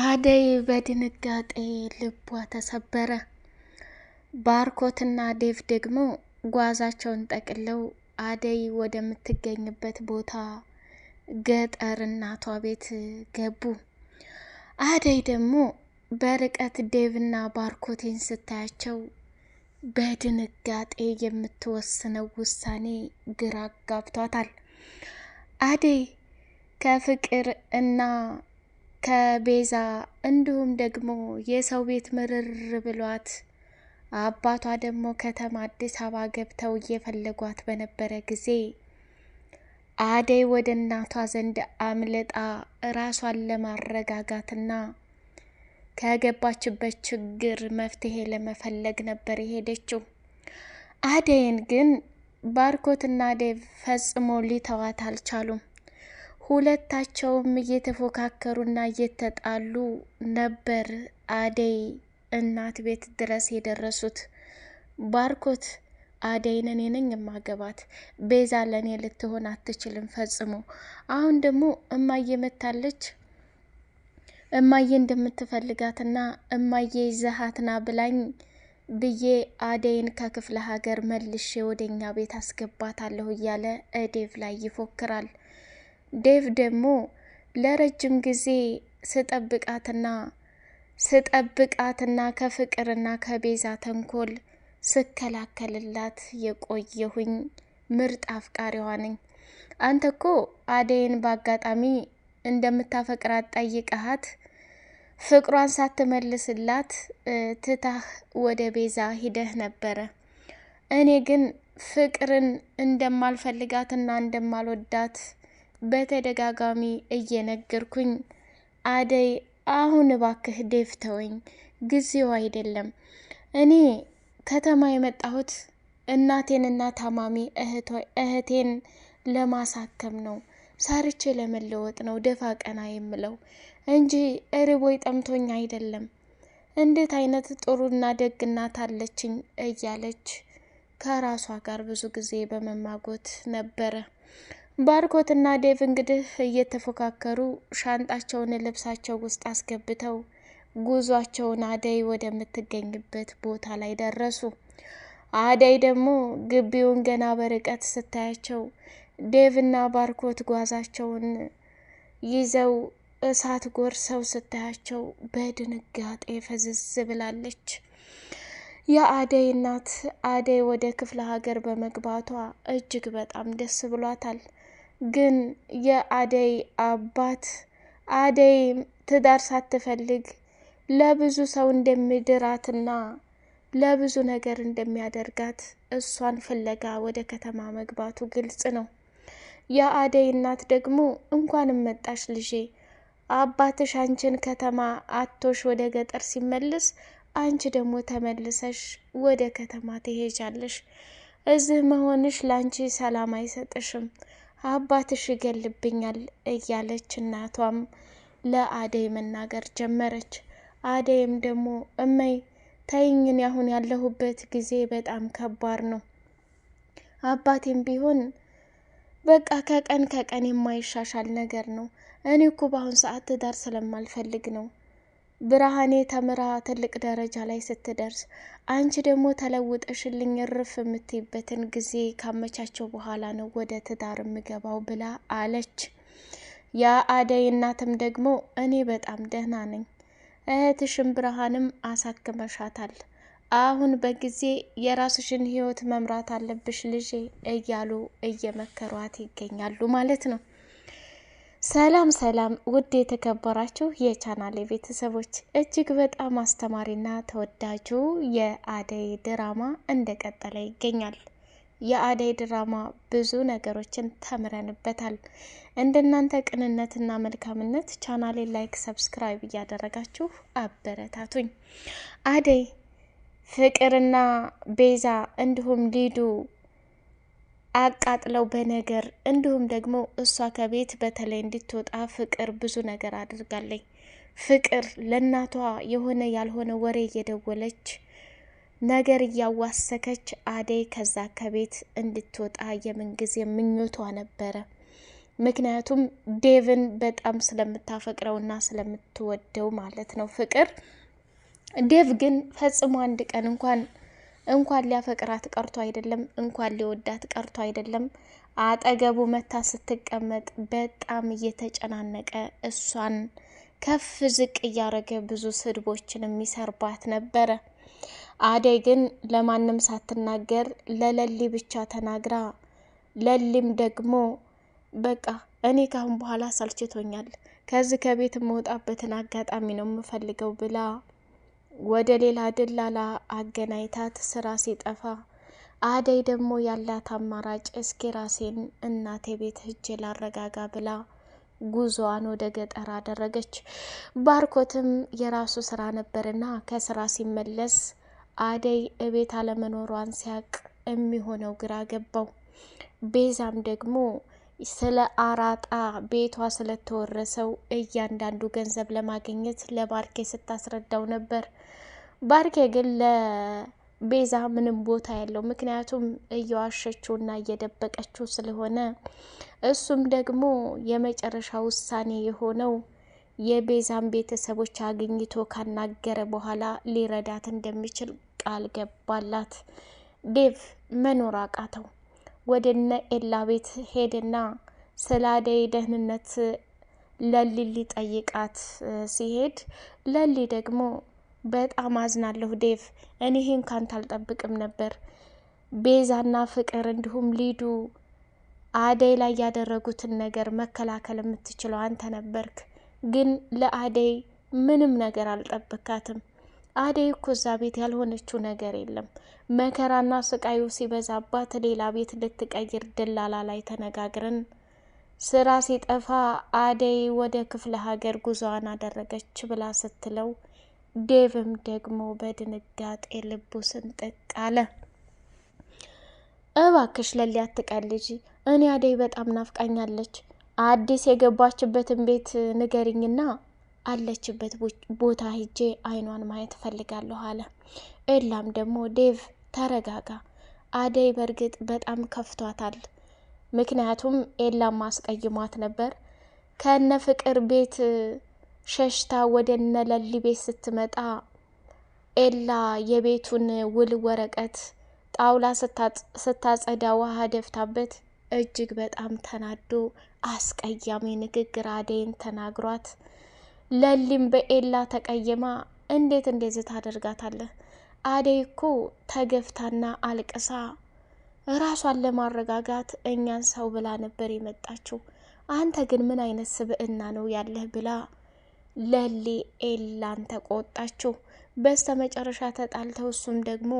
አደይ በድንጋጤ ልቧ ተሰበረ። ባርኮትና ዴቭ ደግሞ ጓዛቸውን ጠቅለው አደይ ወደምትገኝበት ቦታ ገጠር እናቷ ቤት ገቡ። አደይ ደግሞ በርቀት ዴቭና ባርኮቴን ስታያቸው በድንጋጤ የምትወስነው ውሳኔ ግራ ጋብቷታል። አደይ ከፍቅር እና ከቤዛ እንዲሁም ደግሞ የሰው ቤት ምርር ብሏት አባቷ ደግሞ ከተማ አዲስ አበባ ገብተው እየፈለጓት በነበረ ጊዜ አደይ ወደ እናቷ ዘንድ አምልጣ ራሷን ለማረጋጋትና ከገባችበት ችግር መፍትሄ ለመፈለግ ነበር የሄደችው። አደይን ግን ባርኮትና ዴቭ ፈጽሞ ሊተዋት አልቻሉም። ሁለታቸውም እየተፎካከሩና እየተጣሉ ነበር አደይ እናት ቤት ድረስ የደረሱት። ባርኮት አደይን እኔ ነኝ እማገባት፣ ቤዛ ለእኔ ልትሆን አትችልም ፈጽሞ። አሁን ደግሞ እማዬ መታለች እማዬ እንደምትፈልጋትና እማዬ ይዘሃትና ብላኝ ብዬ አደይን ከክፍለ ሀገር መልሼ ወደኛ ቤት አስገባታለሁ እያለ እዴቭ ላይ ይፎክራል። ዴቭ ደግሞ ለረጅም ጊዜ ስጠብቃትና ስጠብቃትና ከፍቅርና ከቤዛ ተንኮል ስከላከልላት የቆየሁኝ ምርጥ አፍቃሪዋ ነኝ። አንተ እኮ አደይን በአጋጣሚ እንደምታፈቅራት ጠይቀሃት ፍቅሯን ሳትመልስላት ትታህ ወደ ቤዛ ሂደህ ነበረ። እኔ ግን ፍቅርን እንደማልፈልጋትና እንደማልወዳት በተደጋጋሚ እየነገርኩኝ አደይ አሁን እባክህ ዴቭ ተወኝ፣ ጊዜው አይደለም። እኔ ከተማ የመጣሁት እናቴንና ታማሚ እህቴን ለማሳከም ነው፣ ሰርቼ ለመለወጥ ነው ደፋ ቀና የምለው እንጂ እርቦኝ ጠምቶኝ አይደለም። እንዴት አይነት ጥሩና ደግ እናት አለችኝ እያለች ከራሷ ጋር ብዙ ጊዜ በመማጎት ነበረ። ባርኮትና ዴቭ እንግዲህ እየተፎካከሩ ሻንጣቸውን ልብሳቸው ውስጥ አስገብተው ጉዟቸውን አደይ ወደምትገኝበት ቦታ ላይ ደረሱ። አደይ ደግሞ ግቢውን ገና በርቀት ስታያቸው ዴቭና ባርኮት ጓዛቸውን ይዘው እሳት ጎርሰው ስታያቸው በድንጋጤ ፈዝዝ ብላለች። የአደይ እናት አደይ ወደ ክፍለ ሀገር በመግባቷ እጅግ በጣም ደስ ብሏታል። ግን የአደይ አባት አደይ ትዳር ሳትፈልግ ለብዙ ሰው እንደሚድራትና ለብዙ ነገር እንደሚያደርጋት እሷን ፍለጋ ወደ ከተማ መግባቱ ግልጽ ነው። የአደይ እናት ደግሞ እንኳንም መጣሽ ልጄ፣ አባትሽ አንቺን ከተማ አቶሽ ወደ ገጠር ሲመልስ፣ አንቺ ደግሞ ተመልሰሽ ወደ ከተማ ትሄጃለሽ። እዚህ መሆንሽ ለአንቺ ሰላም አይሰጥሽም አባትሽ ይገልብኛል እያለች እናቷም ለአደይ መናገር ጀመረች። አደይም ደግሞ እመይ ተይኝን ያሁን ያለሁበት ጊዜ በጣም ከባድ ነው። አባቴም ቢሆን በቃ ከቀን ከቀን የማይሻሻል ነገር ነው። እኔ እኮ በአሁን ሰዓት ትዳር ስለማልፈልግ ነው ብርሃኔ ተምራ ትልቅ ደረጃ ላይ ስትደርስ አንቺ ደግሞ ተለውጠሽልኝ እርፍ የምትይበትን ጊዜ ካመቻቸው በኋላ ነው ወደ ትዳር የምገባው ብላ አለች። ያ አደይ እናትም ደግሞ እኔ በጣም ደህና ነኝ፣ እህትሽም ብርሃንም አሳክመሻታል፣ አሁን በጊዜ የራስሽን ህይወት መምራት አለብሽ ልጄ እያሉ እየመከሯት ይገኛሉ ማለት ነው። ሰላም ሰላም ውድ የተከበራችሁ የቻናል ቤተሰቦች እጅግ በጣም አስተማሪና ተወዳጁ የአደይ ድራማ እንደቀጠለ ይገኛል። የአደይ ድራማ ብዙ ነገሮችን ተምረንበታል። እንደናንተ ቅንነትና መልካምነት ቻናሌ ላይክ፣ ሰብስክራይብ እያደረጋችሁ አበረታቱኝ። አደይ ፍቅርና ቤዛ እንዲሁም ሊዱ አቃጥለው በነገር እንዲሁም ደግሞ እሷ ከቤት በተለይ እንድትወጣ ፍቅር ብዙ ነገር አድርጋለኝ። ፍቅር ለእናቷ የሆነ ያልሆነ ወሬ እየደወለች ነገር እያዋሰከች አደይ ከዛ ከቤት እንድትወጣ የምንጊዜ ምኞቷ ነበረ። ምክንያቱም ዴቭን በጣም ስለምታፈቅረውና ስለምትወደው ማለት ነው ፍቅር። ዴቭ ግን ፈጽሞ አንድ ቀን እንኳን እንኳን ሊያፈቅራት ቀርቶ አይደለም፣ እንኳን ሊወዳት ቀርቶ አይደለም። አጠገቡ መታ ስትቀመጥ በጣም እየተጨናነቀ እሷን ከፍ ዝቅ እያደረገ ብዙ ስድቦችን የሚሰርባት ነበረ። አደይ ግን ለማንም ሳትናገር ለለሊ ብቻ ተናግራ ለሊም ደግሞ በቃ እኔ ካሁን በኋላ ሳልችቶኛል ከዚህ ከቤት መውጣበትን አጋጣሚ ነው የምፈልገው ብላ ወደ ሌላ ደላላ አገናኝታት ስራ ሲጠፋ አደይ ደግሞ ያላት አማራጭ እስኪ ራሴን እናቴ ቤት ሄጄ ላረጋጋ ብላ ጉዞዋን ወደ ገጠር አደረገች። ባርኮትም የራሱ ስራ ነበርና ከስራ ሲመለስ አደይ እቤት አለመኖሯን ሲያቅ የሚሆነው ግራ ገባው። ቤዛም ደግሞ ስለ አራጣ ቤቷ ስለተወረሰው እያንዳንዱ ገንዘብ ለማግኘት ለባርኬ ስታስረዳው ነበር። ባርኬ ግን ለቤዛ ምንም ቦታ ያለው ምክንያቱም እየዋሸችው እየዋሸችውና እየደበቀችው ስለሆነ እሱም ደግሞ የመጨረሻ ውሳኔ የሆነው የቤዛን ቤተሰቦች አግኝቶ ካናገረ በኋላ ሊረዳት እንደሚችል ቃል ገባላት። ዴቭ መኖር አቃተው። ወደ ወደነ ኤላ ቤት ሄድና ስለ አደይ ደህንነት ለሊ ሊጠይቃት ሲሄድ ለሊ ደግሞ በጣም አዝናለሁ ዴቭ። እኔ ይሄን ካንተ አልጠብቅም ነበር። ቤዛና ፍቅር እንዲሁም ሊዱ አደይ ላይ ያደረጉትን ነገር መከላከል የምትችለው አንተ ነበርክ፣ ግን ለአደይ ምንም ነገር አልጠብካትም። አደይ እኮ እዛ ቤት ያልሆነችው ነገር የለም። መከራና ስቃዩ ሲበዛባት ሌላ ቤት ልትቀይር ደላላ ላይ ተነጋግረን ስራ ሲጠፋ አደይ ወደ ክፍለ ሀገር ጉዞዋን አደረገች ብላ ስትለው ዴቭም ደግሞ በድንጋጤ ልቡ ስንጥቅ አለ። እባክሽ ለሊ አትቀልጂ፣ እኔ አደይ በጣም ናፍቃኛለች። አዲስ የገባችበትን ቤት ንገሪኝና አለችበት ቦታ ሂጄ አይኗን ማየት እፈልጋለሁ አለ። ኤላም ደግሞ ዴቭ ተረጋጋ፣ አደይ በእርግጥ በጣም ከፍቷታል። ምክንያቱም ኤላም ማስቀይሟት ነበር ከነ ፍቅር ቤት ሸሽታ ወደ ነለሊ ቤት ስትመጣ ኤላ የቤቱን ውል ወረቀት ጣውላ ስታጸዳ ውሃ ደፍታበት እጅግ በጣም ተናዶ አስቀያሚ ንግግር አደይን ተናግሯት ለሊም በኤላ ተቀይማ እንዴት እንደዚህ ታደርጋታለህ? አደይ እኮ ተገፍታና አልቅሳ ራሷን ለማረጋጋት እኛን ሰው ብላ ነበር የመጣችው። አንተ ግን ምን አይነት ስብዕና ነው ያለህ? ብላ ለሊ ኤላን ተቆጣችው። በስተ መጨረሻ ተጣልተው እሱም ደግሞ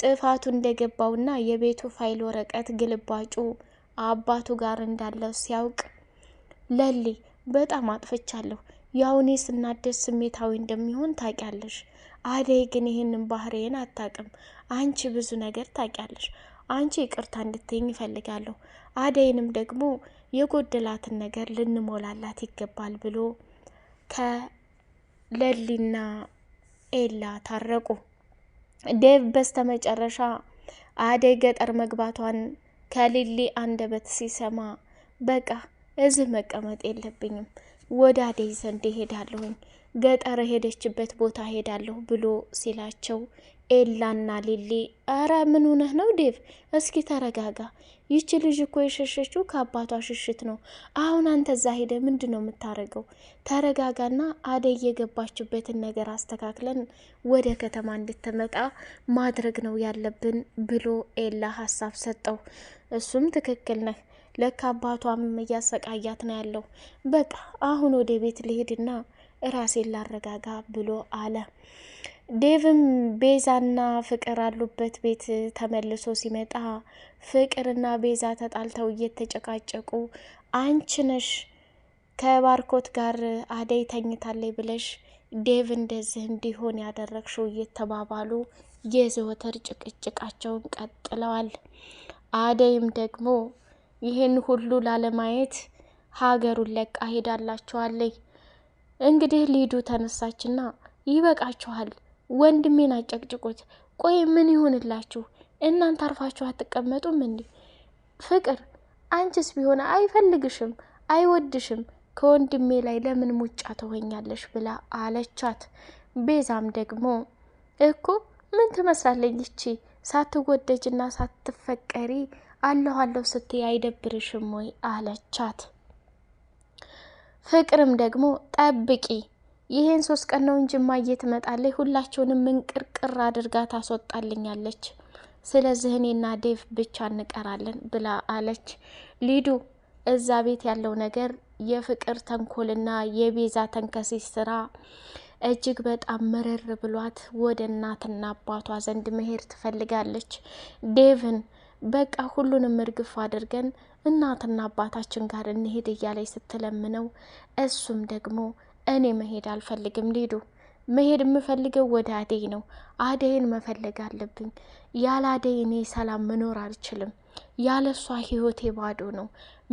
ጥፋቱ እንደገባውና የቤቱ ፋይል ወረቀት ግልባጩ አባቱ ጋር እንዳለው ሲያውቅ ለሊ በጣም አጥፍቻለሁ፣ ያውኔ ስናደስ ስሜታዊ እንደሚሆን ታውቂያለሽ። አደይ ግን ይህንን ባህሬን አታውቅም። አንቺ ብዙ ነገር ታውቂያለሽ። አንቺ ይቅርታ እንድትይኝ ይፈልጋለሁ። አደይንም ደግሞ የጎደላትን ነገር ልንሞላላት ይገባል ብሎ ከለሊና ኤላ ታረቁ። ዴቭ በስተመጨረሻ አደይ ገጠር መግባቷን ከሊሊ አንደበት ሲሰማ በቃ እዚህ መቀመጥ የለብኝም ወደ አደይ ዘንድ ይሄዳለሁኝ ገጠር ሄደችበት ቦታ ሄዳለሁ ብሎ ሲላቸው ኤላና ሊሊ አረ ምን ሆነህ ነው ዴቭ? እስኪ ተረጋጋ ይቺ ልጅ እኮ የሸሸችው ከአባቷ ሽሽት ነው። አሁን አንተ እዛ ሄደ ምንድን ነው የምታደርገው? ተረጋጋና አደይ የገባችበትን ነገር አስተካክለን ወደ ከተማ እንድትመጣ ማድረግ ነው ያለብን ብሎ ኤላ ሀሳብ ሰጠው። እሱም ትክክል ነህ፣ ለካ አባቷም እያሰቃያት ነው ያለው። በቃ አሁን ወደ ቤት ልሄድና ራሴን ላረጋጋ ብሎ አለ። ዴቭም ቤዛና ፍቅር አሉበት ቤት ተመልሶ ሲመጣ ፍቅርና ቤዛ ተጣልተው እየተጨቃጨቁ አንቺ ነሽ ከባርኮት ጋር አደይ ተኝታለይ ብለሽ ዴቭ እንደዚህ እንዲሆን ያደረግሽው እየተባባሉ የዘወትር ጭቅጭቃቸውን ቀጥለዋል። አደይም ደግሞ ይህን ሁሉ ላለማየት ሀገሩን ለቃ ሄዳላችኋለይ። እንግዲህ ሊዱ ተነሳችና ይበቃችኋል ወንድሜን አጨቅጭቁት። ቆይ ምን ይሆንላችሁ? እናንተ አርፋችሁ አትቀመጡም እንዴ? ፍቅር አንቺስ ቢሆን አይፈልግሽም፣ አይወድሽም። ከወንድሜ ላይ ለምን ሙጫ ትሆኛለሽ? ብላ አለቻት። ቤዛም ደግሞ እኮ ምን ትመስላለኝ ይቺ ሳትወደጅና ሳትፈቀሪ አለሁ አለሁ ስትይ አይደብርሽም ወይ አለቻት። ፍቅርም ደግሞ ጠብቂ ይሄን ሶስት ቀን ነው እንጂ እማዬ ትመጣለች፣ ሁላቸውንም ምንቅርቅር አድርጋ ታስወጣልኛለች። ስለዚህ እኔና ዴቭ ብቻ እንቀራለን ብላ አለች። ሊዱ እዛ ቤት ያለው ነገር የፍቅር ተንኮልና የቤዛ ተንከሴ ስራ እጅግ በጣም ምርር ብሏት ወደ እናትና አባቷ ዘንድ መሄድ ትፈልጋለች። ዴቭን በቃ ሁሉንም እርግፍ አድርገን እናትና አባታችን ጋር እንሄድ እያለች ስትለምነው እሱም ደግሞ እኔ መሄድ አልፈልግም ሊዱ መሄድ የምፈልገው ወደ አደይ ነው። አደይን መፈለግ አለብኝ። ያለ አደይ እኔ ሰላም መኖር አልችልም። ያለ እሷ ህይወቴ ባዶ ነው፣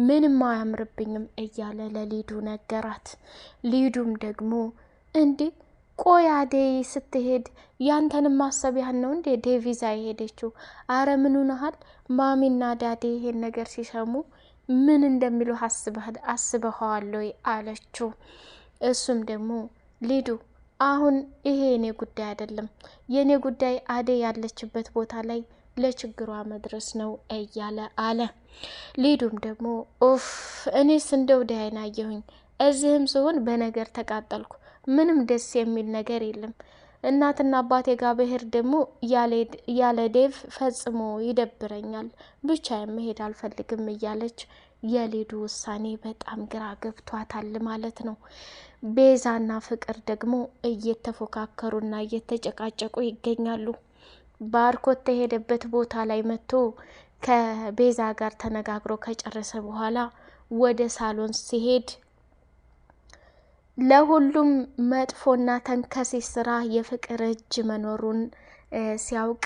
ምንም አያምርብኝም እያለ ለሊዱ ነገራት። ሊዱም ደግሞ እንዲህ ቆይ አደይ ስትሄድ ያንተንም ማሰብ ነው እንዴ ዴቪዛ የሄደችው? አረ ምኑናሃል ማሚና ዳዴ ይሄን ነገር ሲሰሙ ምን እንደሚሉ አስበኸዋል አለችው። እሱም ደግሞ ሊዱ አሁን ይሄ የኔ ጉዳይ አይደለም፣ የኔ ጉዳይ አደይ ያለችበት ቦታ ላይ ለችግሯ መድረስ ነው እያለ አለ። ሊዱም ደግሞ ኡፍ እኔስ እንደው ደህና አየሁኝ፣ እዚህም ስሆን በነገር ተቃጠልኩ። ምንም ደስ የሚል ነገር የለም። እናትና አባቴ ጋር ብሄር ደግሞ ያለ ዴቭ ፈጽሞ ይደብረኛል፣ ብቻ መሄድ አልፈልግም እያለች የሊዱ ውሳኔ በጣም ግራ ገብቷታል ማለት ነው። ቤዛና ፍቅር ደግሞ እየተፎካከሩና እየተጨቃጨቁ ይገኛሉ። ባርኮት ተሄደበት ቦታ ላይ መጥቶ ከቤዛ ጋር ተነጋግሮ ከጨረሰ በኋላ ወደ ሳሎን ሲሄድ ለሁሉም መጥፎና ተንከሴ ስራ የፍቅር እጅ መኖሩን ሲያውቅ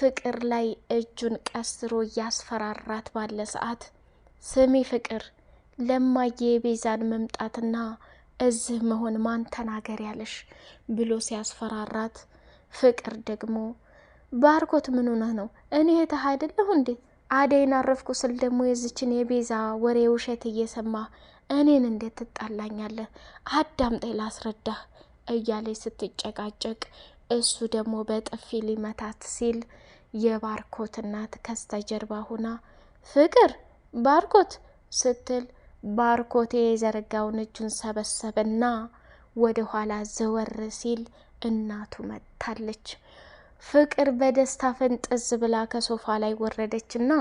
ፍቅር ላይ እጁን ቀስሮ እያስፈራራት ባለ ሰዓት ስሚ ፍቅር ለማየ የቤዛን መምጣትና እዚህ መሆን ማን ተናገር ያለሽ ብሎ ሲያስፈራራት፣ ፍቅር ደግሞ ባርኮት ምን ሆነህ ነው? እኔ እህትህ አይደለሁ እንዴ? አደይን አረፍኩ ስል ደግሞ የዝችን የቤዛ ወሬ ውሸት እየሰማ እኔን እንዴት ትጣላኛለህ? አዳምጤ ላስረዳህ እያለች ስትጨቃጨቅ፣ እሱ ደግሞ በጥፊ ሊመታት ሲል የባርኮት እናት ከስተጀርባ ሁና ፍቅር ባርኮት ስትል ባርኮቴ የዘረጋውን እጁን ሰበሰበና ወደ ኋላ ዘወር ሲል እናቱ መጥታለች። ፍቅር በደስታ ፍንጥዝ ብላ ከሶፋ ላይ ወረደችና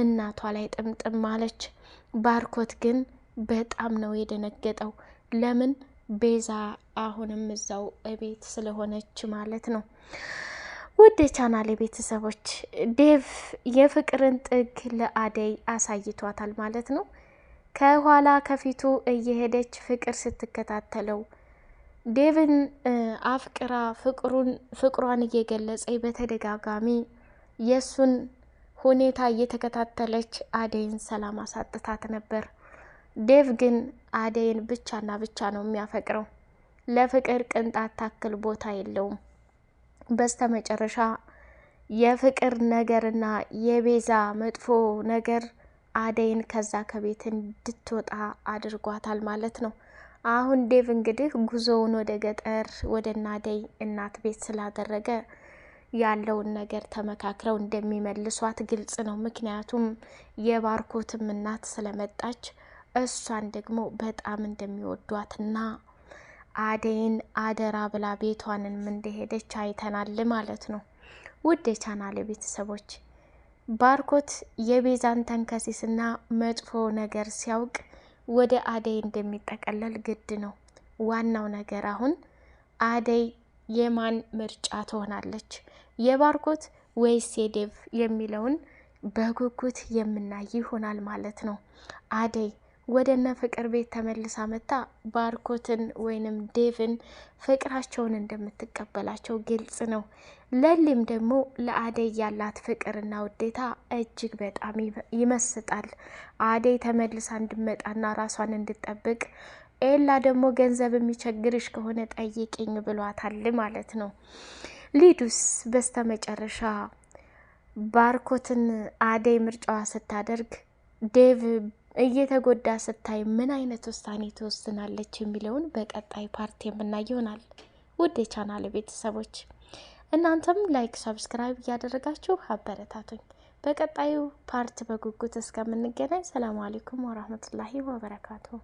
እናቷ ላይ ጥምጥም አለች። ባርኮት ግን በጣም ነው የደነገጠው። ለምን ቤዛ አሁንም እዛው እቤት ስለሆነች ማለት ነው። ውድ የቻናሌ ቤተሰቦች ዴቭ የፍቅርን ጥግ ለአደይ አሳይቷታል ማለት ነው። ከኋላ ከፊቱ እየሄደች ፍቅር ስትከታተለው ዴቭን አፍቅራ ፍቅሩን ፍቅሯን እየገለጸች በተደጋጋሚ የእሱን ሁኔታ እየተከታተለች አደይን ሰላም አሳጥታት ነበር። ዴቭ ግን አደይን ብቻና ብቻ ነው የሚያፈቅረው። ለፍቅር ቅንጣት ታክል ቦታ የለውም። በስተ መጨረሻ የፍቅር ነገርና የቤዛ መጥፎ ነገር አደይን ከዛ ከቤት እንድትወጣ አድርጓታል ማለት ነው። አሁን ዴቭ እንግዲህ ጉዞውን ወደ ገጠር ወደ ናደይ እናት ቤት ስላደረገ ያለውን ነገር ተመካክረው እንደሚመልሷት ግልጽ ነው። ምክንያቱም የባርኮትም እናት ስለመጣች እሷን ደግሞ በጣም እንደሚወዷትና አደይን አደራ ብላ ቤቷንም እንደሄደች አይተናል ማለት ነው። ውድ የቻናሌ ቤተሰቦች ባርኮት የቤዛን ተንከሲስና መጥፎ ነገር ሲያውቅ ወደ አደይ እንደሚጠቀለል ግድ ነው። ዋናው ነገር አሁን አደይ የማን ምርጫ ትሆናለች፣ የባርኮት ወይስ የዴቭ የሚለውን በጉጉት የምናይ ይሆናል ማለት ነው። አደይ ወደ እነ ፍቅር ቤት ተመልሳ መታ ባርኮትን ወይንም ዴቭን ፍቅራቸውን እንደምትቀበላቸው ግልጽ ነው። ለሊም ደግሞ ለአደይ ያላት ፍቅርና ውዴታ እጅግ በጣም ይመስጣል። አደይ ተመልሳ እንድመጣና ራሷን እንድጠብቅ ኤላ ደግሞ ገንዘብ የሚቸግርሽ ከሆነ ጠይቅኝ ብሏታል ማለት ነው። ሊዱስ በስተመጨረሻ ባርኮትን አደይ ምርጫዋ ስታደርግ ዴቭ እየተጎዳ ስታይ ምን አይነት ውሳኔ ትወስናለች የሚለውን በቀጣይ ፓርቲ የምናይ ይሆናል። ውድ የቻናል ቤተሰቦች እናንተም ላይክ፣ ሰብስክራይብ እያደረጋችሁ አበረታቱኝ። በቀጣዩ ፓርት በጉጉት እስከምንገናኝ ሰላም አሌይኩም ወራህመቱላሂ ወበረካቱሁ።